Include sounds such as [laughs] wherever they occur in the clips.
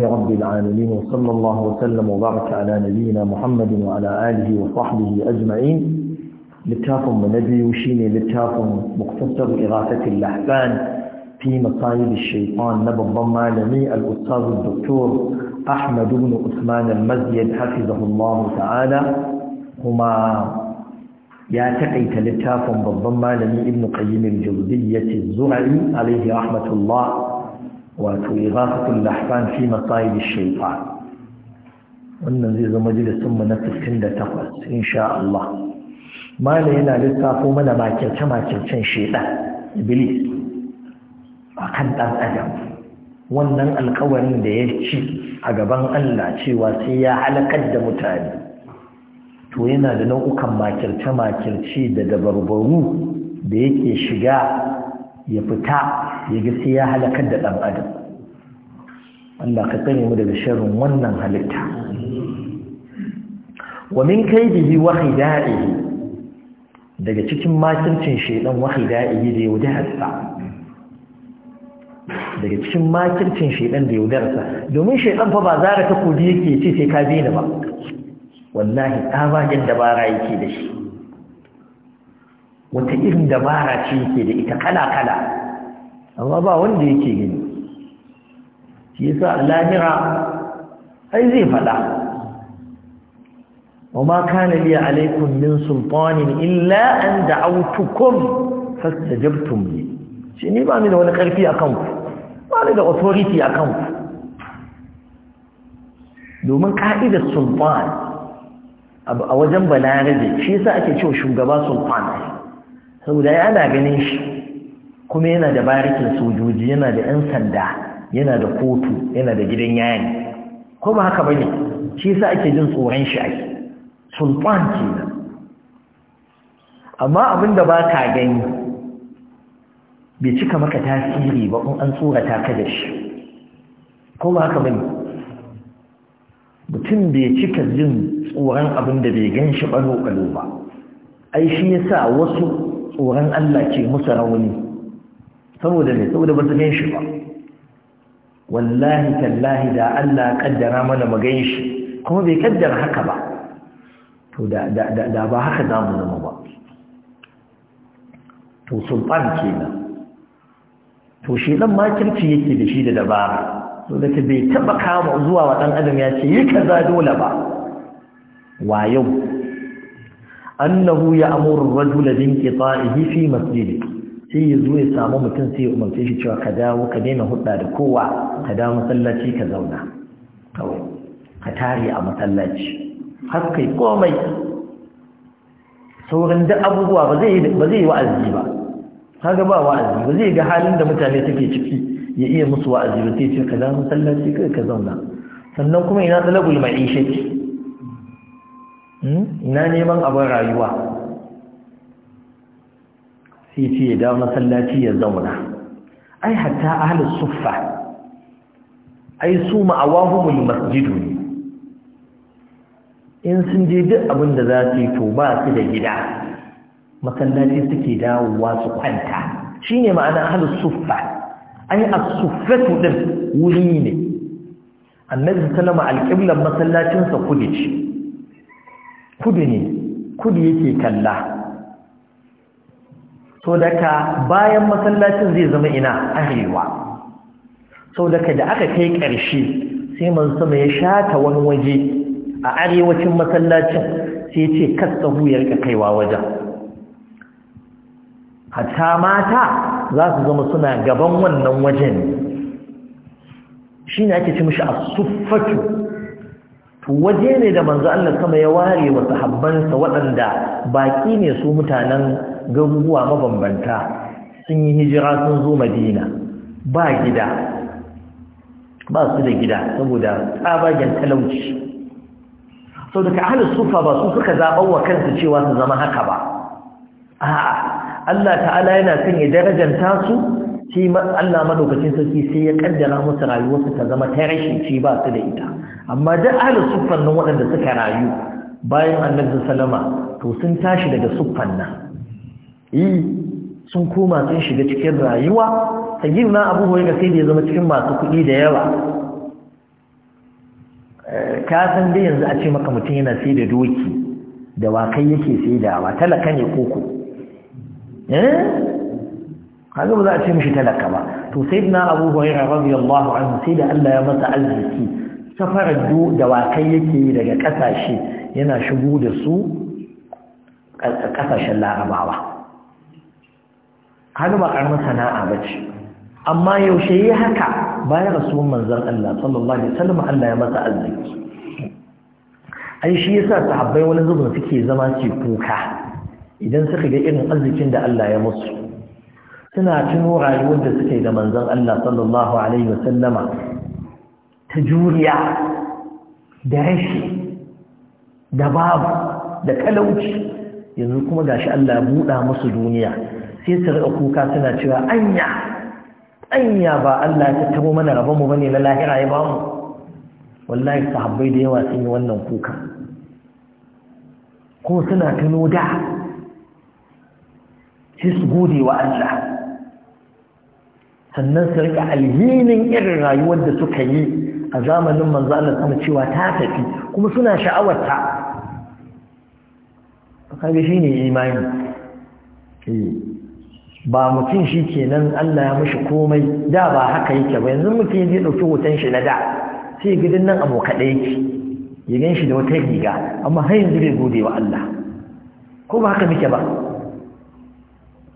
رب العالمين وصلى الله وسلم وبارك على نبينا محمد وعلى آله وصحبه أجمعين من نبي وشيني لتافهم مختصر إغاثة اللحبان في مصايد الشيطان نبى الضمالمي الأستاذ الدكتور أحمد بن أثمان المزيد حفظه الله تعالى هما يا تقيت لتاف بالضمالمي ابن قيم الجودية الزرعي عليه رحمة الله wato izafatul lahfan fi masayid shaytan wannan zai zama majalisin mu na da insha Allah malai yana lissafo mana makirce makircen shaytan iblis akan dan adam wannan alƙawarin da ya ci a gaban Allah cewa sai ya halakar da mutane to yana da nau'ukan makirce makirce da dabarbaru da yake shiga ya fita ya ga sai ya halakar da ɗan adam Allah ka tsare mu daga sharrin wannan halitta wa min kaidihi wa khida'ihi daga cikin makircin shedan wa khida'ihi da yaudarsa daga cikin makircin shedan da yaudarsa domin shedan fa ba zara ta kudi yake ce sai ka bi ba wallahi tsabagen dabara yake da shi wata irin dabara ce yake da ita kala kala amma ba wanda yake gani shi yasa lahira ai zai faɗa. amma kana liya alaikum min sultanin illa an da'awtukum fastajabtum li shi ni ba da wani karfi akan ku ba ni da authority akan ku domin ka'ida sultan a wajen balarabe shi yasa ake cewa shugaba sultan saboda ya ana ganin shi kuma yana da barikin sojoji yana da 'yan sanda yana da kotu yana da gidan yayi ko ba haka bane shi yasa ake jin tsoron shi ake sultan kenan amma abinda ba ka gani bai cika maka tasiri ba in an tsorata ka da shi ko ba haka bane mutum bai cika jin tsoron abinda bai gan shi ɓalo-ɓalo ba ai shi yasa wasu tsoron Allah ke musu rauni saboda ne saboda ba su gan shi ba wallahi tallahi da Allah kaddara mana mu shi kuma bai kaddara haka ba to da da da ba haka za mu zama ba to sultan kenan to shi dan makirci yake da shi da dabara to da bai taba kama zuwa wa dan adam ya ce yi kaza dole ba wa yau annahu ya'muru rajula bin qita'ihi fi masjidihi sai ya zo ya samu mutum sai ya umarce shi cewa ka dawo ka daina hudda da kowa ka dawo masallaci ka zauna kawai ka tare a masallaci har kai komai sauran duk abubuwa ba zai ba zai wa'azi ba kaga ba wa'azi ba zai ga halin da mutane suke ciki ya iya musu wa'azi ba sai ce ka dawo masallaci kai ka zauna sannan kuma ina talabul ma'ishati hmm? ina neman abin rayuwa sai ce ya dawo masallaci ya zauna ai hatta ahlus suffa ai su ma'awahumul masjidu ne in sun je duk abin da za su yi to ba su da gida masallaci suke dawowa su kwanta shine ma'ana ahlus suffa ai as-suffatu din wuri ne annabi sallama alqiblan masallacin sa kudu ce kudu ne kudu yake kalla so daga bayan masallacin zai zama ina arewa so daga da aka kai ƙarshe sai man sama ya shata wani waje a arewacin masallacin sai ce kasta huyar ka kaiwa wajen hatta mata za su zama suna gaban wannan wajen shi ne ake ci mashi a suffatu to waje ne da manzo Allah sama ya ware wa sahabbansa waɗanda baƙi ne su mutanen garuruwa mabambanta sun yi hijira sun zo madina ba gida ba su da gida saboda tsabagen talauci sau daga hali sufa ba su suka zaɓar wa kansu cewa su zama haka ba a'a Allah ta'ala yana son ya darajanta su shi Allah madaukakin sarki sai ya kaddara musu rayuwarsu ta zama ta rashin ci ba su da ita amma duk ahlus suffan nan waɗanda suka rayu bayan annabi sallama to sun tashi daga suffan nan yi sun koma sun shiga cikin rayuwa sayyid na abu da sai da ya zama cikin masu kuɗi da yawa eh, ka san dai yanzu a ce maka mutum yana sai da doki da wakai yake sai da wa talaka ne koko eh kaga ba za a ce mishi talaka ba to sayyidina abu hurairah Allahu anhu sai da Allah ya masa arziki safarar do da wakai yake daga kasashe yana shigo da su kasashen larabawa hannu ba ƙaramin sana'a ba ce amma yaushe yi haka bayan rasuwan manzan Allah sallallahu alaihi wasallam Allah ya masa arziki ai shi yasa sahabbai wani zubin suke zama ce kuka idan suka ga irin arzikin da Allah ya musu suna tuno rayuwar da suke da manzan Allah sallallahu alaihi wasallama ta juriya da rashi da babu da talauci yanzu kuma gashi Allah ya buɗa musu duniya sai su kuka suna cewa anya anya ba Allah ya tattabo mana rabon mu bane na lahira ya bamu wallahi sahabbai da yawa sun yi wannan kuka ko suna tuno da sai su gode wa Allah sannan su rika alhinin irin rayuwar da suka yi a zamanin manzo Allah sama cewa ta tafi kuma suna sha'awar ta shi shine imani eh. ba mutum shi kenan Allah ya mashi komai da ba haka yake ba yanzu mutum ya ɗauki hoton shi na da sai gidan nan abu kaɗai yake ya gan shi da wata riga amma har yanzu bai gode wa Allah ko ba haka muke ba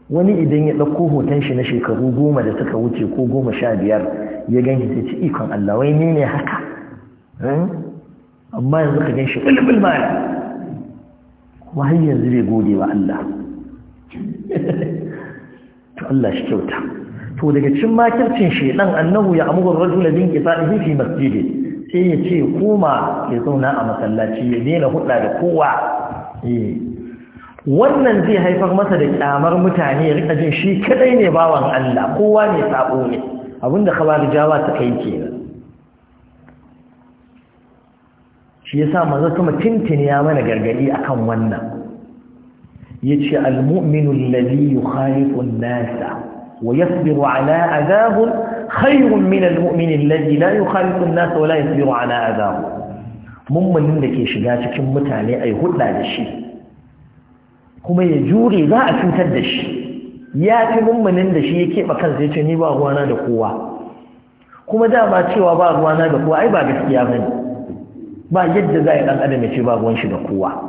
wani idan ya ɗauko hoton shi na shekaru goma da suka wuce ko goma sha biyar ya gan shi ci ikon Allah wai ni ne haka hmm? amma yanzu ka gan shi ɓulɓul ma kuma har yanzu bai gode wa Allah [laughs] to Allah shi kyauta to daga cikin makircin dan annahu ya amuru rajula bin qita'ihi fi masjidi sai ya ce koma ya zauna a masallaci ya daina hudda da kowa eh. wannan zai haifar masa da kyamar mutane ya rika jin shi kadai ne bawan Allah kowa ne sabo ne abinda jawa ta kai kenan shi yasa maza kuma tintini ya mana gargadi akan wannan yace al-mu'minu alladhi yukhalifu an-nasa wa yasbiru ala adabin khairun min al alladhi la yukhalifu an-nasa wa la yasbiru ala adab da ke shiga cikin mutane ai hudda da shi kuma ya jure za a cutar da shi ya fi mummunin da shi ya keɓa kansa ya ce ni ba ruwana da kowa kuma da ba cewa ba ruwana da kowa ai ba gaskiya ba ne ba yadda za a yi ɗan adam ya ce ba ruwan shi da kowa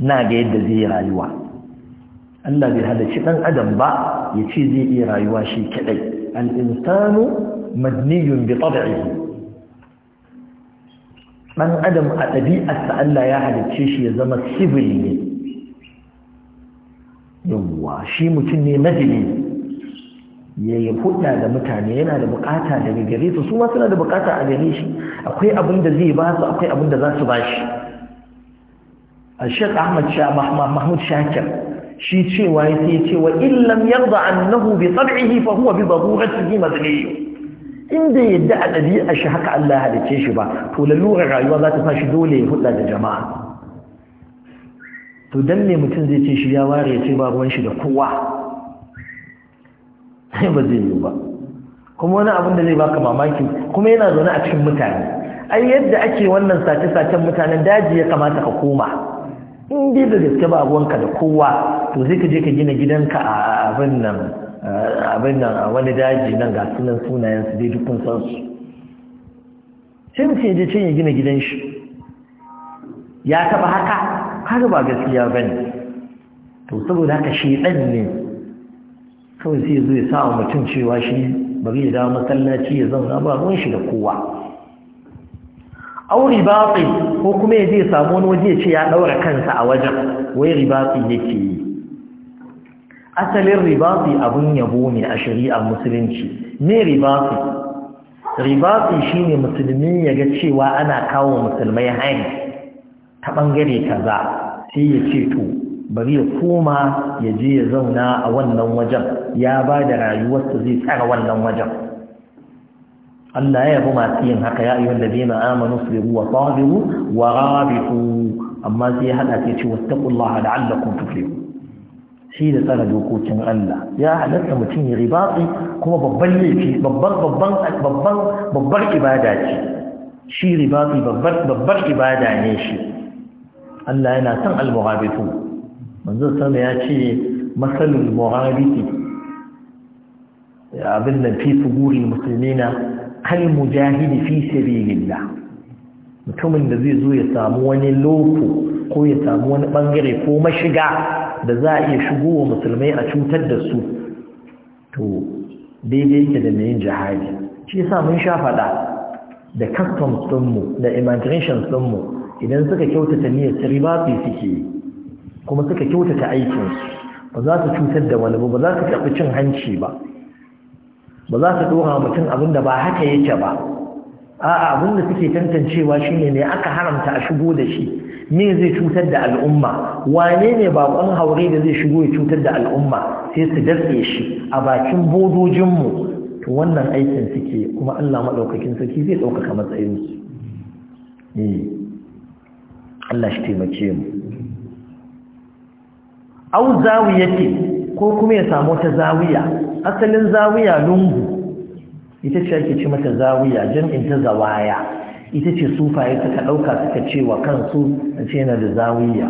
na ga yadda zai rayuwa Allah bai halarci ɗan adam ba ya ce zai iya rayuwa shi kaɗai al'insanu madniyun bi tabi'ihi ɗan adam a ɗabi'arsa Allah ya halarce shi ya zama civil ne yawwa shi mutum ne majini ya yi hudda da mutane yana da bukata daga gare su su ma suna da bukata a gare shi akwai abin da zai ba su akwai abin da za su ba shi الشيخ أحمد شا محمود شاكر شي شي وايتي شي وإن لم يرضى عنه بطبعه فهو بضرورته مدني inda yadda a ɗabi'a shi haka Allah halicce shi ba to lalurar rayuwa za ta sa shi dole ya hulɗa da jama'a to dan ne mutum zai ce shi ya ware ya ce ba ruwan shi da kowa sai ba zai yi ba kuma wani abin da zai baka mamaki kuma yana zaune a cikin mutane ai yadda ake wannan sace-sacen mutanen daji ya kamata ka koma in dai da gaske ba abuwanka da kowa to zai ka je ka gina gidanka a abin nan abin nan a wani daji nan ga sunan sunayen dai dukkan san su sai mutum ya je can ya gina gidan shi ya taba haka kaga ba gaskiya bane to saboda haka shi dan ne kawai sai zo ya sa mutum cewa shi bari ya dawo masallaci ya zauna ba ruwan shi da kowa auri ribatsi ko kuma ya je samu wani waje ce ya daura kansa a wajen wai ribatsi yake yi asalin ribatsi abun yabo ne a shari'ar musulunci ne ribatsi ribatsi shine musulmi ya ga cewa ana kawo musulmai hain ta bangare kaza sai ya ce to bari ya koma ya je ya zauna a wannan wajen ya ba da rayuwarsa zai tsara wannan wajen Allah ya yabi masu yin haka ya ayyuhal ladina amanu sabiru wa sabiru wa rabitu amma sai ya hada sai ce wattaqullaha la'allakum tuflihun shi da tsara dokokin Allah ya halatta mutum ya ribatsi kuma babban laifi babban babban babban babbar ibada ce shi ribatsi babbar babbar ibada ne shi Allah yana son al-mughabitu manzo sama ya ce masalul mughabiti abin nan fi guri musulmina. kal mujahidi fi sabilillah mutumin da zai zo ya samu wani loko ko ya samu wani bangare ko mashiga da za a iya shigo wa musulmai a cutar da su to daidai yake da mai yin jihadi shi yasa mun sha fada da customs ɗinmu da sun ɗinmu idan suka kyautata niyyar su riba su suke kuma suka kyautata aikinsu ba za su cutar da wani ba ba za su karɓi cin hanci ba ba za su ɗora mutum abin da ba haka yake ba a'a abin da suke tantancewa shine ne aka haramta a shigo da shi me zai cutar da al'umma wane ne bakon haure da zai shigo ya cutar da al'umma sai su datse shi a bakin bodojinmu to wannan aikin suke kuma Allah maɗaukakin sarki zai ɗaukaka matsayinsu eh, Allah shi taimake mu au zawiyati ko kuma ya samu ta zawiya asalin zawiya lungu ita ce ake ce mata zawiya jam'in ta zawaya ita ce sufaye suka ɗauka suka ce wa kansu a ce yana da zawiya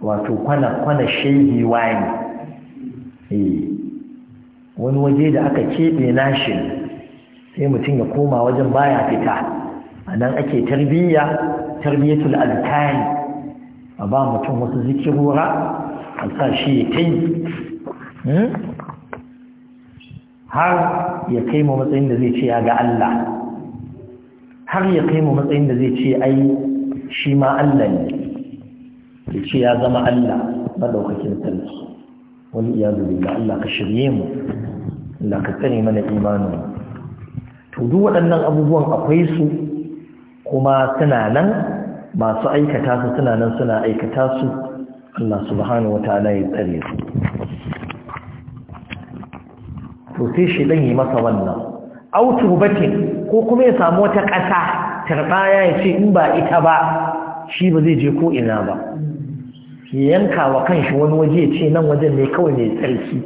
wato kwana-kwana shaidi wani eh, wani waje da aka keɓe nashi sai mutum ya koma wajen baya fita a nan ake tarbiyya tarbiyyatul alkani a ba mutum wasu zikirura a sa shi ya kai har ya kai mu matsayin da zai ce ya ga Allah har ya kai mu matsayin da zai ce ai shi ma Allah ne ya ce ya zama Allah madaukakin sarki wani iya zubi da Allah ka shirye mu Allah ka tsare mana imanu to duk waɗannan abubuwan akwai su kuma suna nan masu aikata su suna nan suna aikata su Allah subhanahu ta'ala ya tsare su to sai shi dan yi masa wannan au turbatin ko kuma ya samu wata ƙasa tarbaya ya ce in ba ita ba shi ba zai je ko ina ba ya yanka wa kanshi wani waje ya ce nan wajen ne kawai mai tsarki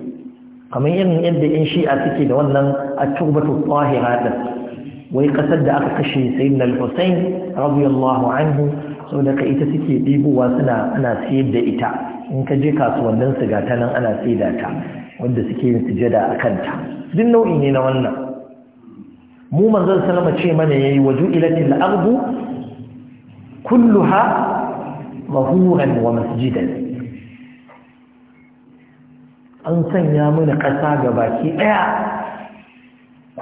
kamar irin yadda yan a suke da wannan at-turbatu tahira ɗin. wai ƙasar da aka kashe sayyidina al-Husayn radiyallahu anhu da ka ita suke dibowa suna ana siyar da ita in ka je kasuwannin su ga ta nan ana da ta wanda suke yin sujada a kanta duk nau'i ne na wannan mu manzon sallama ce mana yayi waju ilatil ardu kulluha mahuran wa masjidan an sanya mana ƙasa ga baki ɗaya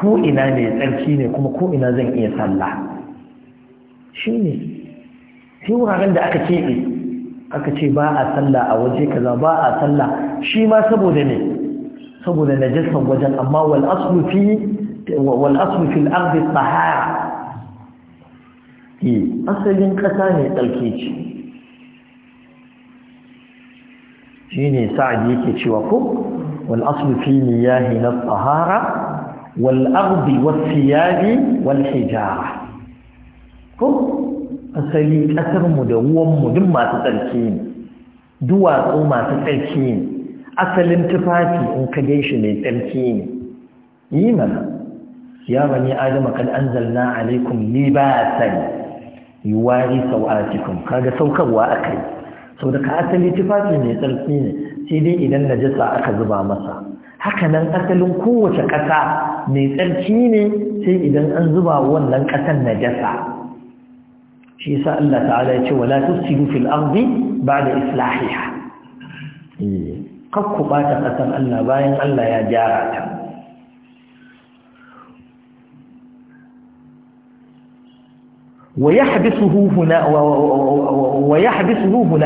ko ina ne tsarki ne kuma ko ina zan iya sallah shi wuraren da aka keɓe aka ce ba a sallah a waje kaza ba a sallah shi ma saboda ne saboda najasar wajen amma wal fi wal aslu fil eh, asalin ƙasa ne tsarki ce shi ne sa'adi yake cewa ko wal aslu fi niyahi na tahara wal ardi was siyabi wal hijara ko asali ƙasarmu da ruwanmu duk masu tsarki ne duwatsu masu tsarki ne asalin tufafi in ka gaishe shi mai tsarki ne yi mana ya bani adama kan anzalna alaikum libasan yuwari sau'atikum kaga saukarwa kai. sau da ka asali tufafi mai tsarki ne sai dai idan najasa aka zuba masa hakanan asalin kowace ƙasa mai tsarki ne sai idan an zuba wannan ƙasan najasa shi sa Allah ta'ala ya ce wala tusidu fil ardi da islahiha eh. kakku bata ƙasar Allah bayan Allah ya gyara ta wa ya huna wa yahbisuhu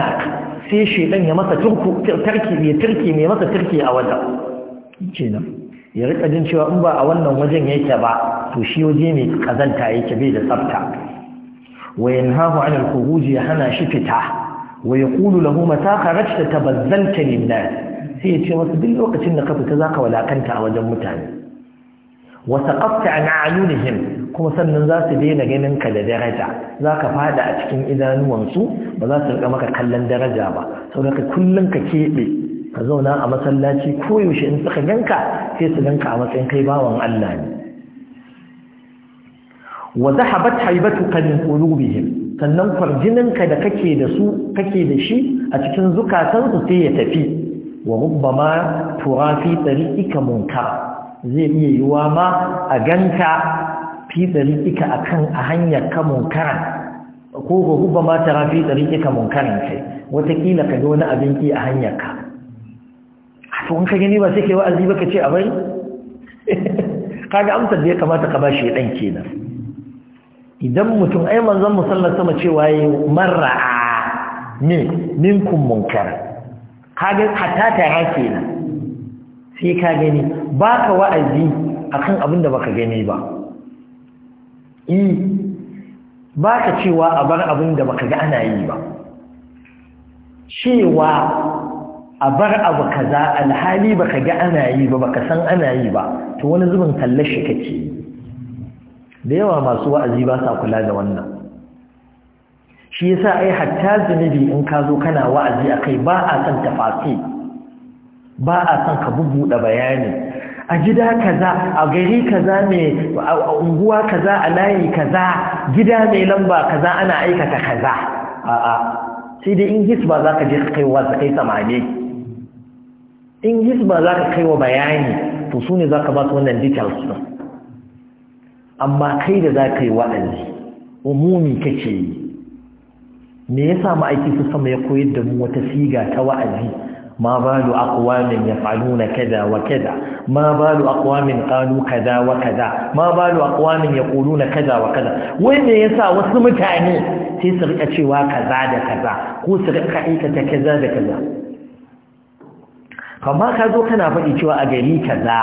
sai shedan ya masa turku mai turki mai masa turki a wajen kenan ya rika jin cewa in ba a wannan wajen yake ba to shi waje mai kazanta yake bai da tsafta wa yanhahu 'anil khuruj ya hana shi fita ويقول له متى خرجت تبذلت للناس sai ya ce masa duk lokacin da ka fita za ka walakanta a wajen mutane wasa kafta da him kuma sannan za su daina ganin ka da daraja za ka fada a cikin idanuwansu ba za su riƙa maka kallon daraja ba sau da ka kullum ka keɓe ka zauna a masallaci koyaushe in suka ganka sai su ganka a matsayin kai bawan Allah ne wa zahabat haibatuka min qulubihim sannan kwarjininka da kake da su kake da shi a cikin zukatansu sai ya tafi wa rubbama tura fi tsari'ika munkar zai iya yiwa ma a ganta fi tsari'ika a kan a hanyar ka munkaran ko ga rubbama tura fi tsari'ika munkaran ce watakila ka ga wani abin ki a hanyar ka to in ka gani ba sai kai wa'azi ba ka ce a bari [laughs] ga amsar da ya kamata ka bashi dan kenan idan mutum ai manzon musallar sama cewa yi marra'a ne minkum munkara kaga hatta tara kenan sai ka gani baka wa'azi akan abin da baka gani ba i e, baka cewa a bar abin da baka ga ana yi ba cewa a bar abu kaza alhali baka ga ana yi ba baka san ana yi ba to wani zubin kallashi kake da yawa masu wa'azi ba sa kula da wannan shi yasa ai hatta zunubi in ka zo kana wa'azi akai ba a san tafasi ba a san ka bubuɗe bayani a gida kaza a gari kaza ne a unguwa kaza a layi kaza gida mai lamba kaza ana aikata kaza a'a sai dai in hisba za ka je ka kai wa kai samane in hisba za ka kai wa bayani to su ne za ka ba su wannan details amma kai da za ka yi wa'azi umumi kake yi me sa ma'aiki su sama ya koyar da mu wata siga ta wa'azi ma balu aqwamin yaf'aluna kaza wa kaza ma balu aqwamin qalu kaza wa kaza ma balu aqwamin yaquluna kaza wa kaza wai me yasa wasu mutane sai su rika cewa kaza da kaza ko su rika aikata kaza da kaza amma ka zo kana faɗi cewa a gari kaza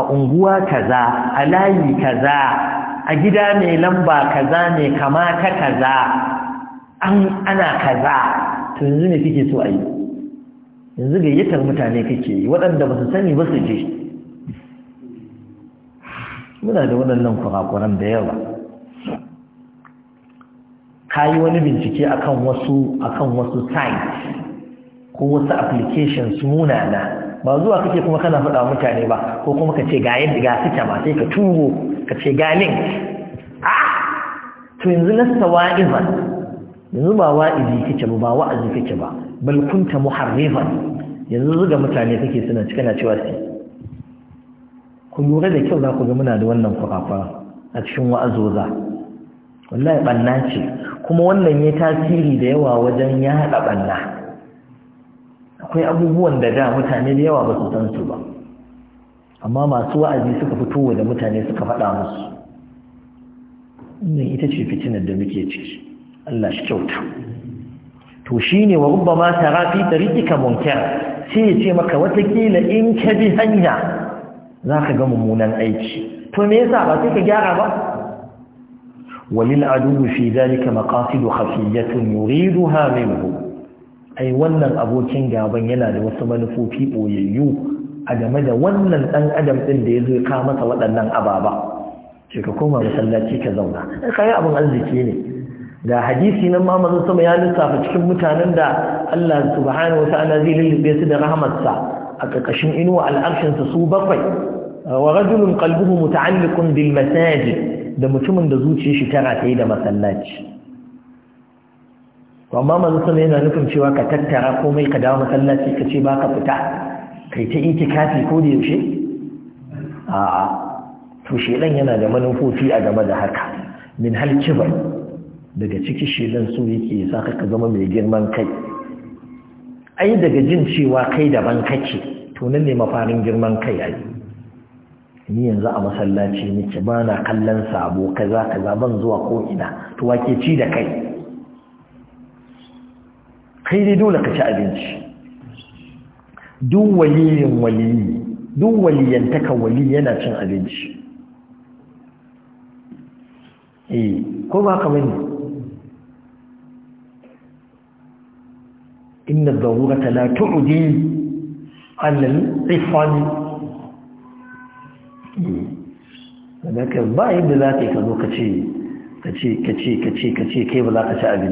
a unguwa kaza a layi kaza a gida mai lamba kaza ne kama ka kaza an ana kaza to yanzu ne kike so a yanzu gayyatar mutane kake yi waɗanda ba su sani ba su je muna da waɗannan kurakuran da yawa ka yi wani bincike akan wasu akan wasu site ko wasu applications munana ba zuwa kake kuma kana faɗa mutane ba ko kuma ka ce ga yadda ga suke ba sai ka turo ka ce ga link a to yanzu na wa'iban yanzu ba wa'izi kake ba wa'azi kake ba bal kunta muharrifan yanzu zuga mutane kake suna na cewa sai ku lura da kyau za ku ga muna da wannan kwakwafa a cikin wa'azoza wallahi banna ce kuma wannan ya tasiri da yawa wajen ya haɗa banna akwai abubuwan da da mutane da yawa ba su san su ba amma masu wa'azi suka fito da mutane suka faɗa musu wannan ita ce fitinar da muke ciki Allah shi kyauta to shine wa rubbama tara fi tariqika munkar sai ya ce maka watakila in ka bi hanya zaka ga mummunan aiki to me yasa ba sai ka gyara ba walil adu fi zalika maqasid khafiyatun yuridha minhu ai wannan abokin gaban yana da wasu manufofi boyayyu a game da wannan dan adam din da yazo ya ka masa waɗannan ababa ce ka koma masallaci ka zauna kai abin arziki ne Da hadisi nan ma sama ya lissafa cikin mutanen da Allah subhanahu wata'ala zai lullube su da rahmarsa, a ƙarƙashin inuwa al'arshin su bakwai wa rajulun qalbuhu muta'alliqun bil masajid da mutumin da zuciyar shi tana tayi da masallaci to amma manzon sama yana nufin cewa ka tattara komai ka dawo masallaci ka ce baka fita kai ta itikafi ko da yaushe a'a to shedan yana da manufofi a game da haka min hal kibar daga ciki shelan su yake sa ka zama mai girman kai ai daga jin cewa kai daban kake to nan ne mafarin girman kai ai ni yanzu a masallaci nake ba na kallon sabo kaza kaza ban zuwa ko ina to wake ci da kai kai dai dole ka ci abinci duk waliyin waliyi duk waliyantaka wali yana cin abinci eh ko ba ka bane إن الضرورة لا تعدي على العصم ذاك باين da za ka yi kazo ka ce ka ce ka ce ka ce ka ce kai ba za ka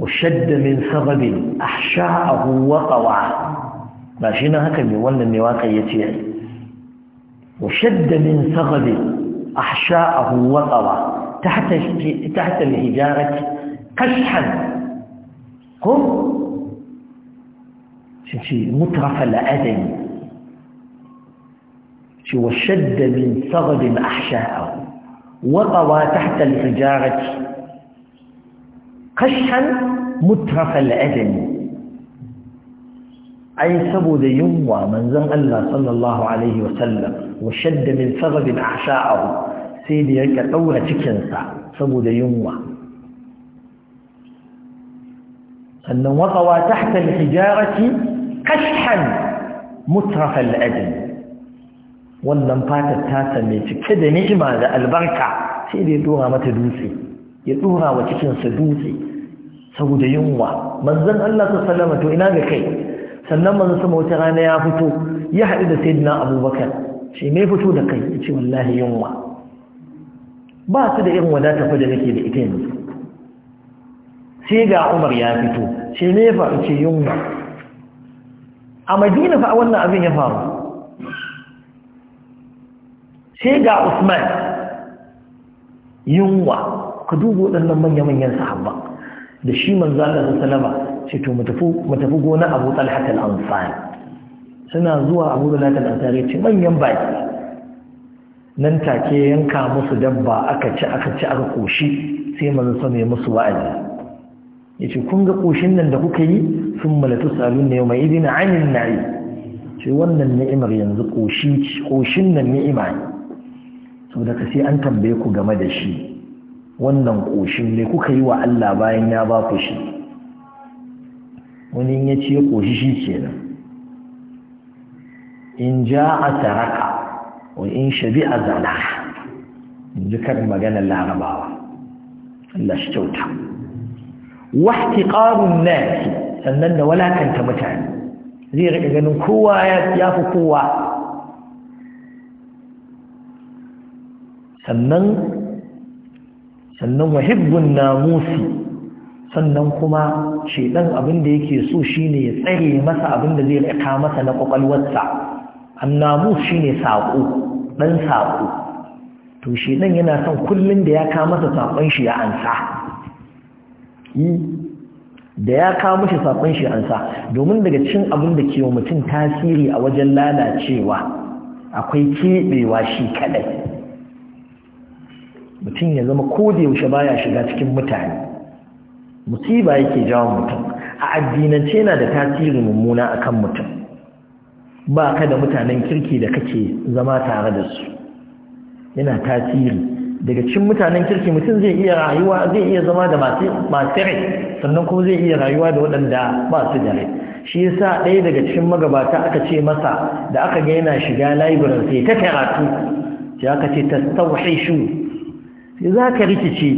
وشد من سبب أحشاءه وقوع ماشينا هكذا وانا وشد من سبب أحشاءه وقوع تحت تحت الحجارة قشحا هم شيء مترف الأذن شيء وشد من صغد أحشاءه وطوى تحت الحجارة قشحا مترف الأذن أي سبود يموى من زم الله صلى الله عليه وسلم وشد من صغد أحشاءه sai da ya ɗaura cikinsa saboda yunwa sannan waƙawa ta hatar hijarati kashan mutrafal ajin wannan fatar tasa mai cike da ni'ima da albarka sai da ya ɗora mata dutse ya ɗora wa cikinsa dutse saboda yunwa manzan Allah ta salama to ina ga kai sannan manzan sama wata rana ya fito ya haɗu da saidina abubakar shi mai fito da kai ya ce wallahi yunwa ba su da irin wadata fa da nake da ita yanzu sai ga umar ya fito ce ne ya faru ce yunwa a madina fa wannan abin ya faru sai ga usman yunwa ka dubo waɗannan manya-manyan sahabba da shi manzo Allah sallama ce to mu tafi mu tafi gona Abu Talha al-Ansari suna zuwa Abu Talha al-Ansari ce manyan baki nan take yanka musu dabba aka ci aka ci aka koshi sai manzo sama ya musu wa'azi yace kun ga koshin nan da kuka yi sun malatu salun ne mai idin anin na'i ce wannan ni'imar yanzu koshi koshin nan ni'ima ne saboda ka sai an tambaye ku game da shi wannan koshin ne kuka yi wa Allah bayan ya ba ku shi wani in ya ce koshi shi kenan in a taraka wa in shabi'a zana jikar ji maganar larabawa Allah shi kyauta wahtiqarun sannan da walakanta mutane zai riƙa ganin kowa ya fi kowa sannan sannan wahibbun namusi sannan kuma shedan abin da yake so shine ya tsare masa abinda zai riƙa masa na kwakwalwarsa annamus shine saƙo ɗan saƙo to shi ɗan yana son kullum da ya kawo masa saƙon shi ya ansa da ya kawo saƙon shi ansa domin daga cin abin da ke wa mutum tasiri a wajen lalacewa akwai keɓewa shi kaɗai mutum ya zama ko da yaushe baya shiga cikin mutane musiba yake jawo mutum a addinance yana da tasiri mummuna akan mutum ba ka da mutanen kirki da kake zama tare da su yana tasiri daga cikin mutanen kirki mutum zai iya rayuwa zai iya zama da masu rai sannan kuma zai iya rayuwa da waɗanda ba su da rai shi yasa ɗaya daga cikin magabata aka ce masa da aka ga yana shiga laibirin sai ta karatu sai aka ce ta tauhishu sai za ka rikice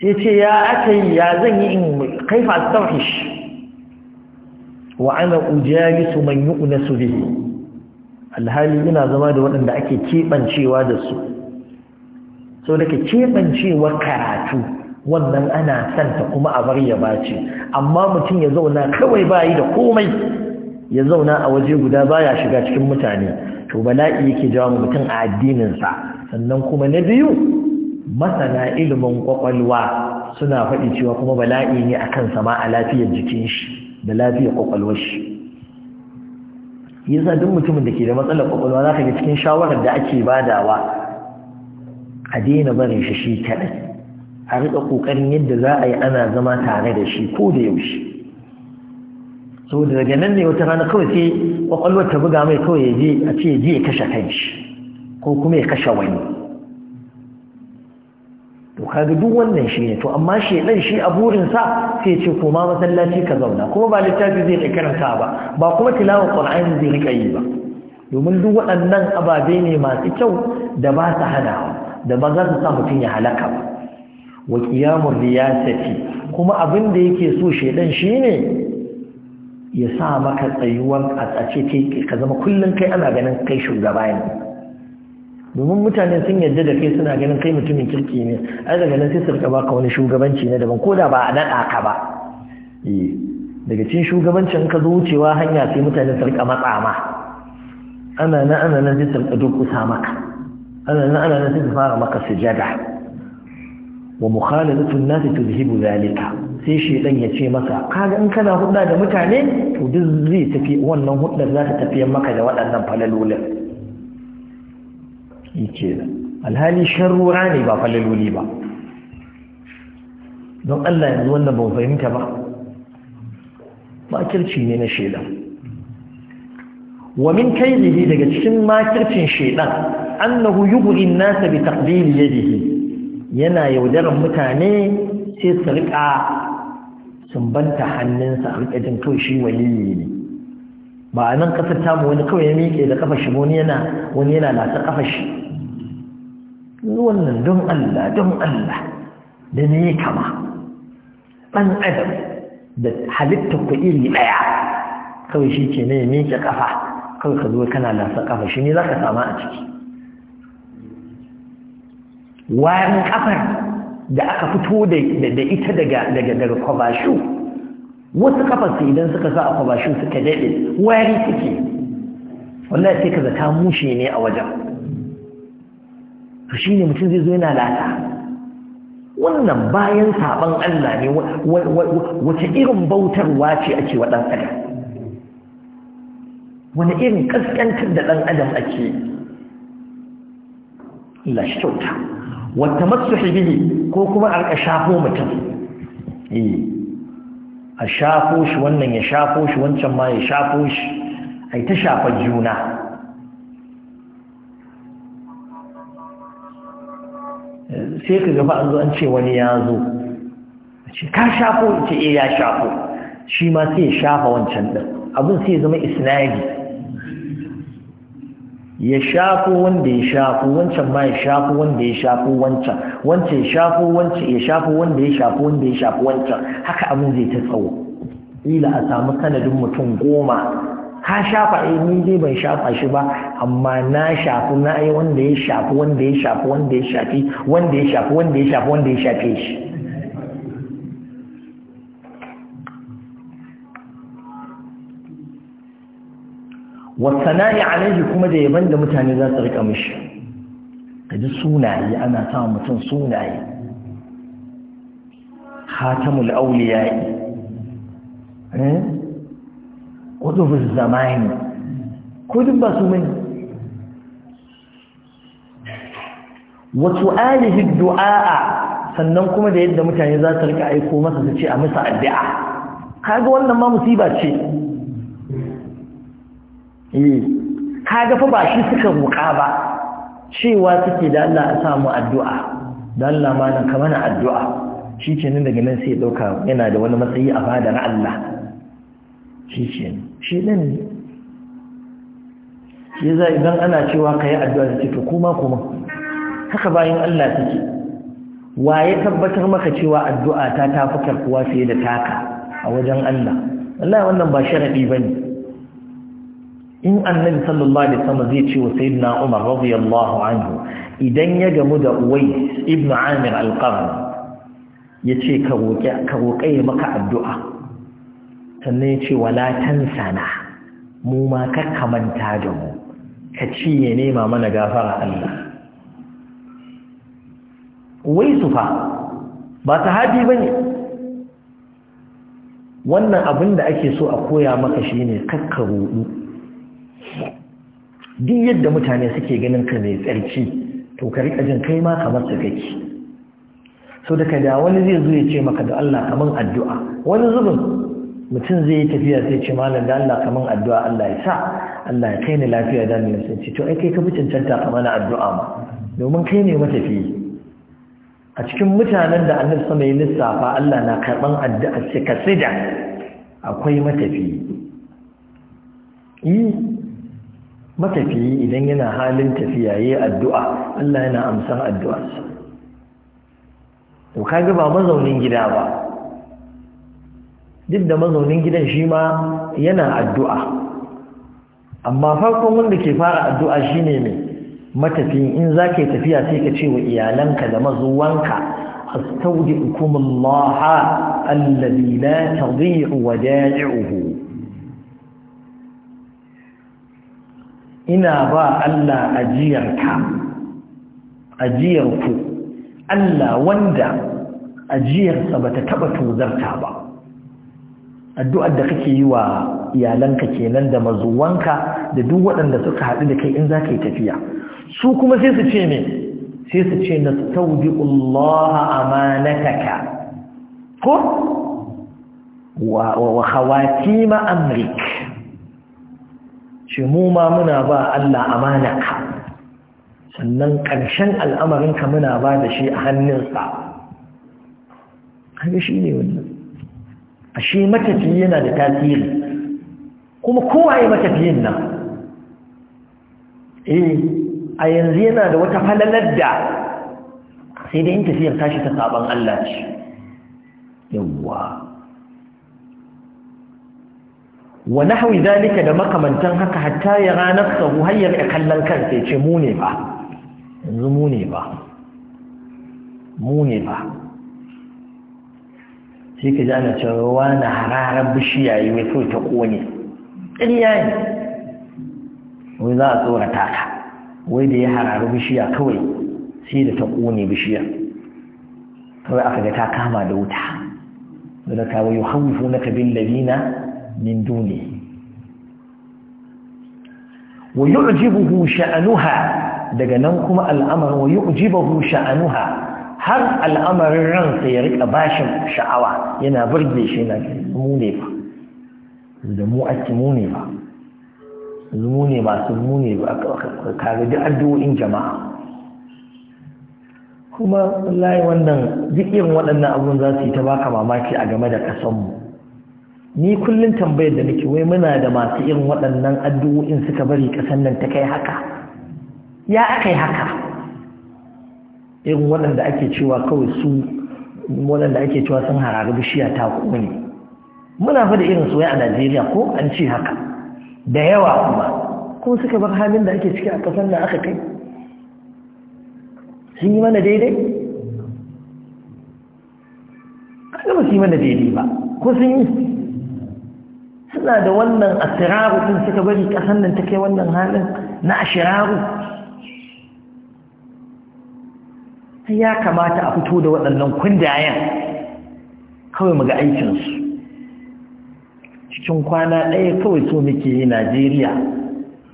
sai ce ya aka yi ya zan yi in kaifa tauhish wa ana ujalisu man su bihi alhali ina zama da waɗanda ake keɓancewa da su Sau da ke keɓancewa karatu wannan ana santa kuma a bar ya bace amma mutum ya zauna kawai bayi da komai ya zauna a waje guda baya shiga cikin mutane to bala'i yake jawo mutum a addininsa sannan kuma na biyu masana ilimin kwakwalwa suna faɗi cewa kuma bala'i ne akan sama a lafiyar jikin shi da lafiyar kwakwalwar shi yasa duk mutumin da ke da matsalar kwakwalwa za ka ga cikin shawarar da ake badawa a daina barin shi shi kaɗai a riƙa ƙoƙarin yadda za a yi ana zama tare da shi ko da yaushe saboda daga nan ne wata rana kawai sai kwakwalwar ta buga mai kawai ya je a ce ya je ya kashe shi ko kuma ya kashe wani to kaga duk wannan shi ne to amma shedan shi a burinsa sai ce koma masallaci ka zauna kuma ba littafi zai karanta ba ba kuma tilawar qur'ani zai rika yi ba domin duk waɗannan ababe ne masu kyau da ba su hanawa da ba za su sa mutum ya halaka ba wa qiyamul riyasati kuma abin da yake so shedan ne ya sa maka tsayuwar a ce ka zama kullun kai ana ganin kai shugaba ne domin mutane sun yarda da kai suna ganin kai mutumin kirki ne ai daga nan sai su baka wani shugabanci na daban ko da ba a naɗa ka ba e, daga cikin shugabancin ka zo wucewa hanya sai mutane su matsa ma ana nan ana nan sai su maka ana nan ana nan sai su fara maka sujada wa mukhalafatu an-nas tudhibu zalika sai shedan ya ce masa kaga in kana hudda da mutane to duk zai tafi wannan hudda za ta tafi maka da waɗannan falalolin yake shan alhali sharura ne ba falaloli ba don Allah yanzu wannan ba fahimta ba makirci ne na shaidan wa min kaidihi daga cikin makircin shaidan annahu yughri an-nasa bi taqdil yadihi yana yaudaran mutane sai su rika sumbanta hannunsa a rika jin kawai shi waliyi ne ba a nan kasar tamu wani kawai ya miƙe da kafa shi wani yana wani yana lasa kafa shi wannan don Allah don Allah da ne kama ɗan adam da halitta ku iri ɗaya kawai shi ke ne miƙe ƙafa kawai ka zo kana lasa ƙafa shi ne za ka sama a ciki wayan ƙafar da aka fito da ita daga daga kwabashu wasu ƙafarsu idan suka sa a kwabashu suka daɗe wari suke wallahi sai ka zata mushe ne a wajen to ne mutum zai zo yana lata wannan bayan saban Allah ne wace irin bautarwa ce ake wa ɗan adam wani irin kaskantar da ɗan adam ake la wata masu bihi ko kuma a shafo mutum eh, a shafo shi wannan ya shafo shi wancan ma ya shafo shi a ta shafa juna sai ka gaba an zo an ce wani ya zo ce ka shafo ce eh ya shafo shi ma sai ya shafa wancan din abin sai ya zama isnadi ya shafo wanda ya shafo wancan ma ya shafo wanda ya shafo wancan wancan ya shafo wancan ya shafo wanda ya shafo wanda ya shafo wancan haka abin zai ta tsawo ila a samu sanadin mutum goma ka shafa eh ni dai ban shafa shi ba amma na shafi na ai wanda ya shafi wanda ya shafi wanda ya shafi wanda ya shafi wanda ya shafi wanda ya shafi shi wasana'i alaihi kuma da yaban da mutane za su rika mishi ji sunaye ana sa mutum sunaye hatamul auliya'i eh? ƙudubin zamani kudin ba su mani sannan kuma da yadda mutane za su rika aiko masa su ce a masa addu'a kaga wannan ma musiba ce eh, kaga fa ba shi suka roƙa ba cewa suke da Allah a samu addu'a da Allah ma nan kamar addu'a shi ke nan daga nan sai ya ɗauka yana da wani matsayi a fadar Allah shi shi shi ɗin ne shi za idan ana cewa ka yi addu'a da cikin kuma kuma haka bayan Allah take wa ya tabbatar maka cewa addu'a ta tafi karkuwa fiye da taka a wajen Allah Allah wannan ba sharaɗi ba ne in annabi sallallahu alaihi wasallam zai ce wa sayyidina Umar radiyallahu anhu idan ya gamu da Uwais ibn Amir al-Qarni yace ka roƙe ka roƙe maka addu'a sannan ya ce wala sana mu ma kakka manta da mu ka ci ya nema mana gafara Allah wai su fa ba ba ne wannan abin da ake so a koya maka ne kakka rudu duk yadda mutane suke ganin ka mai tsarki to ka rika jin kai ma kamar su kake so daga da wani zai zo ya ce maka da Allah kamar addu'a wani zubin mutum zai yi tafiya sai ce malam da Allah kaman addu'a Allah ya sa Allah ya kai ni lafiya da ni sai ce to ai kai ka fi cancanta ka mana addu'a ma domin kai ne matafiyi a cikin mutanen da annabi sama ya lissafa Allah na karban addu'a sai ka sida akwai matafiyi yi matafiyi idan yana halin tafiya yayi addu'a Allah yana amsan addu'a. to kaga ba mazaunin gida ba duk da mazaunin gidan shi ma yana addu'a amma farkon wanda ke fara addu'a shine mai matafi in za ka tafiya sai ka ce wa iyalanka da mazuwanka أستودعكم الله الذي لا تضيع ودائعه إنا ajiyarku, Allah wanda ajiyarsa ba ta أجير tuzarta ba. addu'ar da kake yi wa iyalanka kenan da mazuwanka da duk waɗanda suka haɗu da kai in za ka yi tafiya su kuma sai su ce ne sai su ce na saudi'ullaha amanataka ko wa hawati ma'amrik ce mu ma muna ba Allah amanaka sannan ƙarshen al'amarinka muna ba da shi a hannunsa haka shi ne wannan ashe matafiyi yana da tasiri kuma kowa matafiyin nan eh a yanzu yana da wata falalar da sai dai in tafiyar tashi ta saban Allah ce yawwa wa nahwi zalika da makamantan haka hatta ya ranar sahu har ya kallon kansa ya ce mu ne ba yanzu mu ne ba mu ne ba sai ka ji ana cewa ruwa na hararar bishiya yi mai kawai ta kone ƙirya ne wai za a tsorata ka wai da ya hararar bishiya kawai sai da ta ƙone bishiyar kawai aka ga ta kama da wuta da ka wayo haufu na kabin labina min duni wa yu'jibuhu sha'anuha daga nan kuma al'amarin wa yu'jibuhu sha'anuha har al'amarin ransa ya rika bashin sha'awa yana burge shi na mu ne da mu ake mu ne fa mu ne masu mu ne ba kare da addu'o'in jama'a kuma wallahi wannan duk irin waɗannan abun za su yi ta baka mamaki a game da mu. ni kullum tambayar da nake wai muna da masu irin waɗannan addu'o'in suka bari kasan nan ta kai haka ya aka yi haka irin waɗanda ake cewa kawai su waɗanda ake cewa sun harari bishiya ta kone muna fa da irin soya a najeriya ko an ce haka da yawa kuma kuma suka bar halin da ake ciki a ƙasar da aka kai sun yi mana daidai kada ba su yi mana daidai ba ko sun yi suna da wannan asirarutun suka bari ƙasar nan ta kai wannan halin na ashiraru sai ya kamata a fito da waɗannan kundayen kawai mu ga aikinsu cikin kwana ɗaya kawai so muke yi najeriya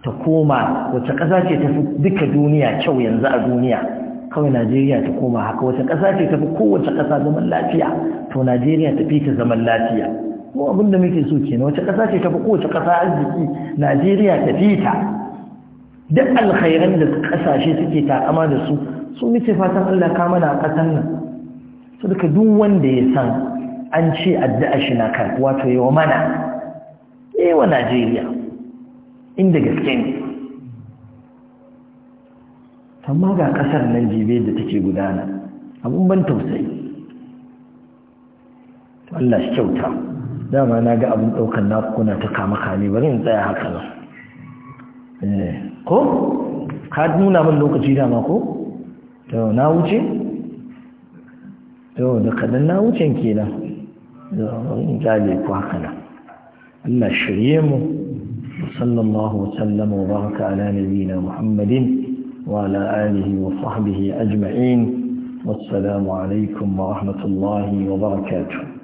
ta koma wace ƙasa ce ta fi duka duniya kyau yanzu a duniya kawai najeriya ta koma haka wace ƙasa ce ta fi kowace ƙasa zaman lafiya to najeriya ta fi ta zaman lafiya ko abin da muke so kenan wace ƙasa ce ta fi kowace ƙasa arziki najeriya ta fi ta duk alkhairan da ƙasashe suke takama da su su muke fatan Allah ka mana ƙasar nan su duka duk wanda ya san an ce addu'a shi na kan wato yawa mana yawa Najeriya inda gaske ne amma ga kasar nan jibe da take gudana abun ban tausayi Allah shi kyauta dama na ga abin ɗaukar na ta kama kame bari in tsaya haka ba. Eh, ko ka nuna min lokaci dama ko to na wuce to da kadan na wucen kenan in gale ku haka nan Allah shirye mu sallallahu wasallam wa baraka ala nabiyyina muhammadin wa ala alihi wa sahbihi ajma'in wassalamu alaikum wa rahmatullahi wa barakatuh